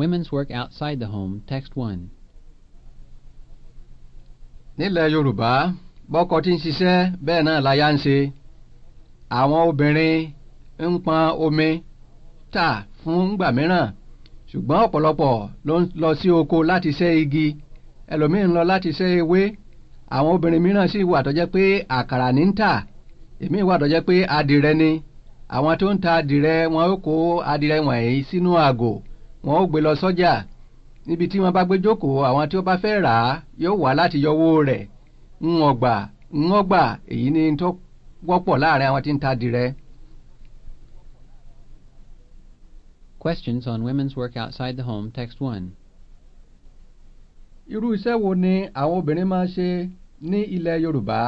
Women's Work Outside the Home, Text 1. Nílẹ̀ Yorùbá bọ́kọ tí ń ṣiṣẹ́ bẹ́ẹ̀ náà láyà ń ṣe àwọn obìnrin ń pọn omi tà fún ìgbà mìíràn ṣùgbọ́n ọ̀pọ̀lọpọ̀ ló ń lọ sí oko láti ṣẹ́ igi ẹlòmíín ń lọ láti ṣẹ́ ewé àwọn obìnrin mìíràn sì wà tó jẹ́ pé àkàrà ní ń tà èmi wà tó jẹ́ pé adìrẹ ni àwọn tó ń ta adìrẹ wọn ó kó adìrẹ wọ̀nyí sínú àgò wọn ó gbé lọ sọ́jà níbi tí wọ́n bá gbé jókòó àwọn tí ó bá fẹ́ rà á yóò wá láti yọwó rẹ̀ ń ọgbà ń ọgbà èyí ni tó wọ́pọ̀ láàrin àwọn tí ń ta dìrẹ. Questions on women's work outside the home, text one. Irú iṣẹ́ wo ni àwọn obìnrin máa ń ṣe ní ilẹ̀ Yorùbá?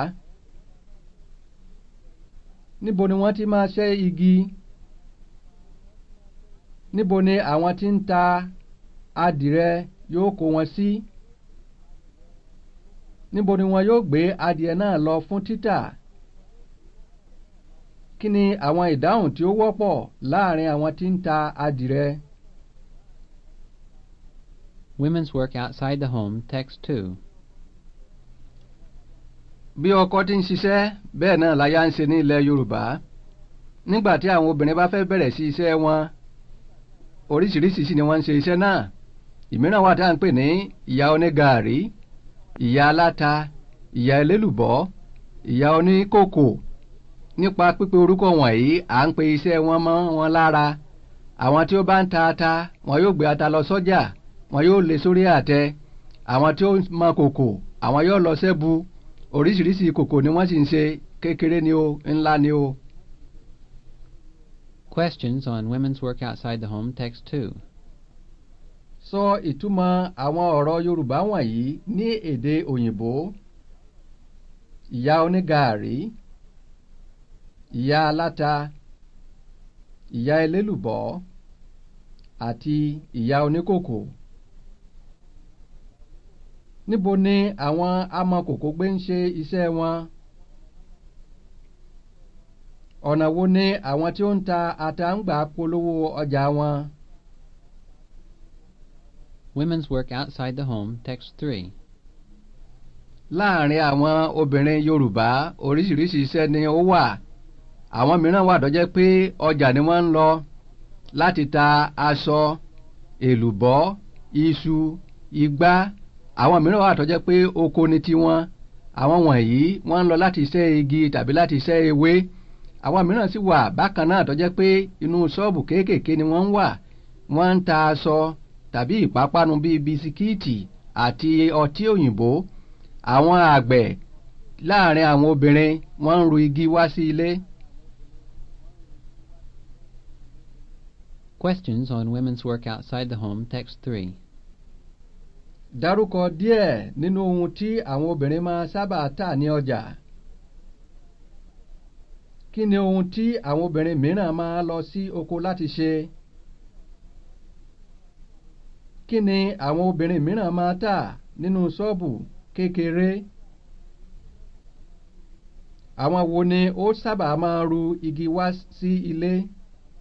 Níbo ni wọ́n ti máa ṣẹ́ igi? níbo ni àwọn tí ń ta adìrẹ yóò kó wọn sí níbo ni wọn yóò gbé adìẹ náà lọ fún títà kí ni àwọn ìdáhùn tí ó wọ́pọ̀ láàrin àwọn tí ń ta adìrẹ. Women's work outside the home text two. Bí ọkọ ti ń ṣiṣẹ́ bẹ́ẹ̀ náà láyà ń ṣe ní ilẹ̀ Yorùbá nígbà tí àwọn obìnrin bá fẹ́ bẹ̀rẹ̀ sí iṣẹ́ wọn oríṣiríṣi sì ni wọ́n ń ṣe iṣẹ́ náà ìmíràn wà tá à ń pè ní ìyá onígàárí ìyá aláta ìyá elélùbọ́ ìyá oníkòkò nípa pípe orúkọ wọ̀nyí à ń pe iṣẹ́ wọn mọ́ wọn lára àwọn tí ó bá ń ta ata wọn yóò gbé ata lọ sọ́jà wọn yóò lé sórí àtẹ àwọn tí ó mọ kòkò àwọn yóò lọ sẹ́bu oríṣiríṣi kòkò ni wọ́n sì ń ṣe kékeré ni o ńlá ni o. Questions on women's work outside the home, text two. Sọ ìtumọ̀ àwọn ọ̀rọ̀ Yorùbá wọ̀nyí ní èdè òyìnbó. Ìyá onígàárí, ìyá aláta, ìyá elélùbọ́ àti ìyá oníkòkò. Níbo ni àwọn amọ̀kòkò gbé ń ṣe iṣẹ́ wọn? ọ̀nà wo ni àwọn tí ó ń ta ata polówó ọjà wọn. Women's work outside the home text three. Láàárín àwọn obìnrin Yorùbá oríṣiríṣi iṣẹ́ ni ó wà àwọn mìíràn wà dọ́jẹ́ pé ọjà ni wọ́n ń lọ láti ta aṣọ èlùbọ́ iṣu igbá àwọn mìíràn wà tọ́jẹ́ pé oko ni tiwọn àwọn wọ̀nyí wọ́n ń lọ láti iṣẹ́ igi tàbí láti iṣẹ́ ewé. àwa mìíràn sì wà bákan náà tó jẹ́ pé inú ṣọ́ọ̀bù kéékèèké ni wọ́n ń wà wọ́n ń ta aṣọ tàbí ìpápánu bíi bisikíìtì àti ọtí òyìnbó àwọn àgbẹ̀ láàrin àwọn obìnrin wọ́n ń ru igi wá sí ilé. Questions on women's work outside the home, text three. Dárúkọ díẹ̀ nínú ohun tí àwọn obìnrin máa sábà tà ní ọjà. kí ni ohun tí àwọn obìnrin mìíràn máa lọ sí oko láti ṣe? kí ni àwọn obìnrin mìíràn máa tà nínú ṣọ́ọ̀bù kékeré? àwọn wo ni ó sábà máa ru igi wá sí ilé?